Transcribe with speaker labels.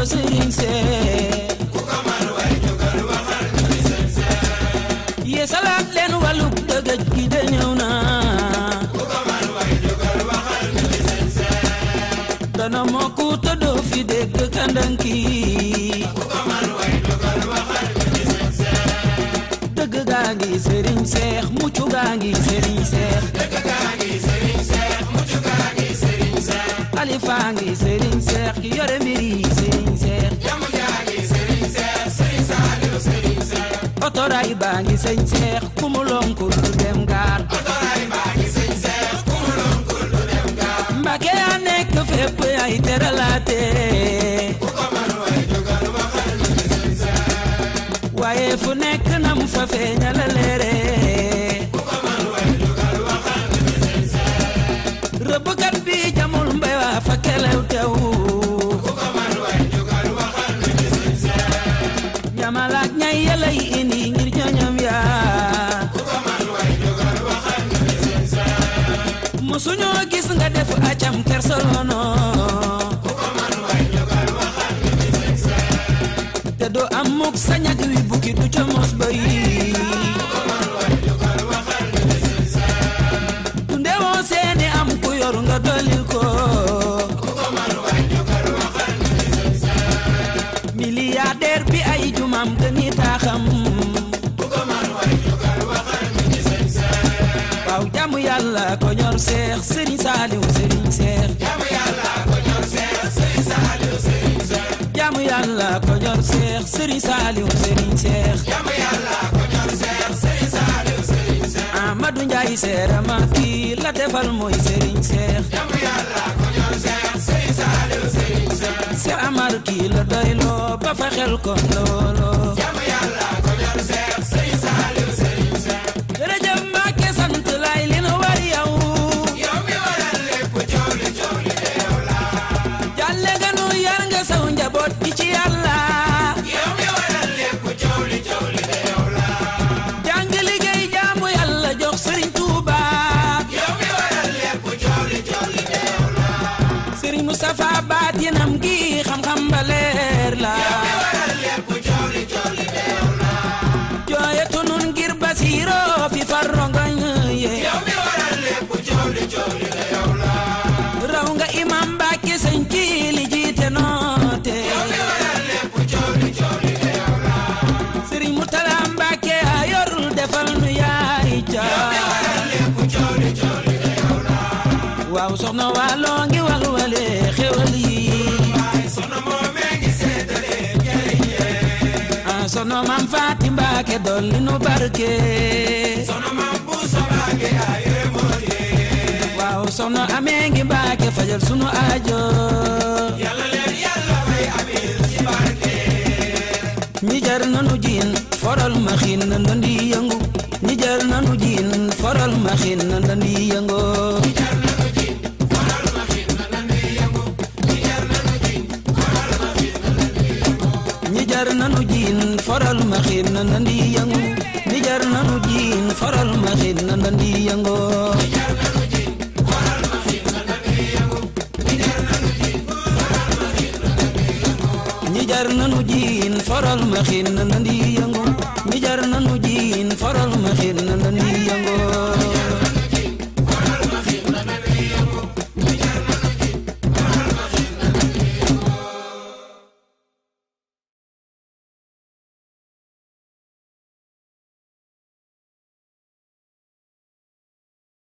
Speaker 1: ko sëriñ way jógal waxal julli yee salaat leen wàllug dëgëj gi de ñëw na way jógal waxal julli sëñ see fi dégg kandanki ku way jógal waxal julli sëñ see dëgg gaa ngi sëriñ seex mucc otoraay baa ngi sëñ seex ku mu lonkul du dem gaal. otoraay baa ngi sëñ seex ku mu lonkul du dem gaal. mbake yaa nekk fépp ay teralaate. ku ko man waay jógal waxal ñu ne sëñ seex. waaye fu nekk nam fa feeñala leer musuñoo gis nga def acam kersoloono ku ko man way jogal waxal li di sëg te doo am mukk sa ñag wi bukki du ca ba yi yàlla ko ñor seex seex jaamu yàlla ko ñor seex sëriñ saaliw sëriñ seex seex sëriñ saaliw ko ñor seex sëriñ saaliw sëriñ seex ma seex jaamu yàlla ko ñor seex sëriñ saaliw sëriñ seex Seex Amar kii la doyloo ba fa xel kon looloo soxna maam Faati Mbaake dolli nu barke soxna maam Buusa Mbaake aye moye waaw soxna amee ngi Mbaake fajal sunu aajo yàlla leen yàlla may amin ci barke ñi nanu jiin foral ma xiin na ndandi yëngu ñi jar nanu jiin foral ma xiin na ndandi yëngoo ni jar nanu jiin faral ma xin na nandi yango ni jar nanu jiin faral ma na nandi yango